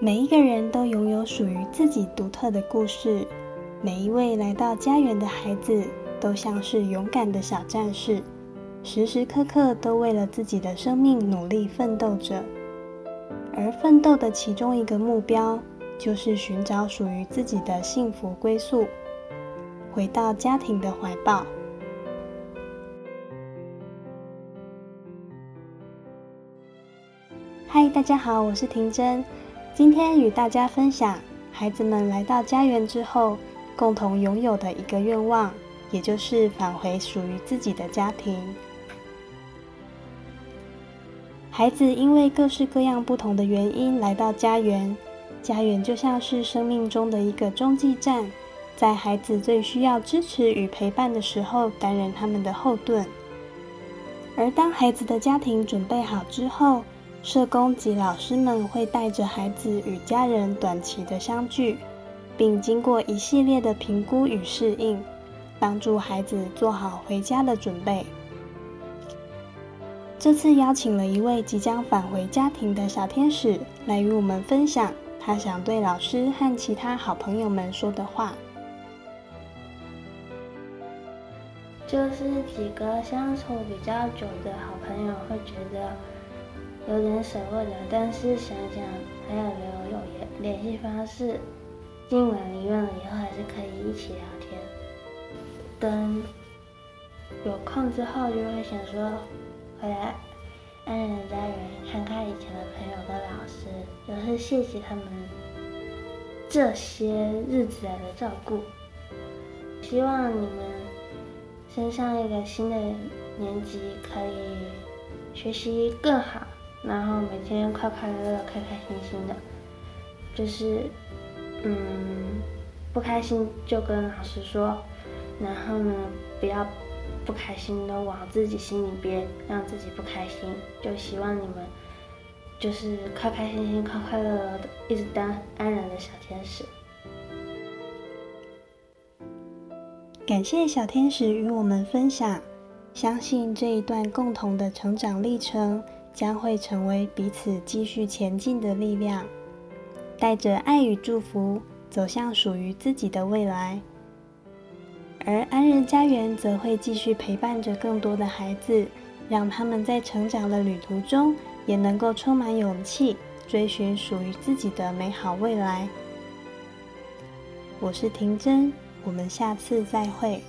每一個人都擁有屬於自己獨特的故事，每一位來到家園的孩子都像是勇敢的小戰士，時時刻刻都為了自己的生命努力奮鬥着。而奮鬥的其中一個目標，就是尋找屬於自己的幸福歸宿，回到家庭的懷抱。嗨，大家好，我是婷真。今天與大家分享，孩子們來到家園之後，共同擁有的一個願望，也就是返回屬於自己的家庭。孩子因為各式各樣不同的原因來到家園，家園就像是生命中的一個中繼站，在孩子最需要支持與陪伴的時候，擔任他們的後盾。而當孩子的家庭準備好之後，社工及老師們會帶着孩子與家人短期的相聚，並經過一系列的評估與適應，幫助孩子做好回家的準備。這次邀請了一位即將返回家庭的小天使來與我們分享他想對老師和其他好朋友們說的話。就是幾個相處比較久的好朋友會覺得。有點捨不得，但是想想還有留有聯聯繫方式，今晚離院了以後還是可以一起聊天。等有空之後就會想說回來安仁家園看看以前的朋友和老師，表示謝謝他們這些日子來的照顧。希望你們升上一個新的年級，可以學習更好。然後每天快快樂樂、開開心心的，就是，嗯，不開心就跟老師說，然後呢，不要不開心的往自己心裡憋，讓自己不開心。就希望你們就是開開心心、快快樂樂的，一直當安仁的小天使。感謝小天使與我們分享，相信這一段共同的成長歷程。將會成為彼此繼續前進的力量，帶着愛與祝福走向屬於自己的未來。而安仁家園則會繼續陪伴着更多的孩子，讓他們在成長的旅途中也能夠充滿勇氣，追尋屬於自己的美好未來。我是婷真，我們下次再會。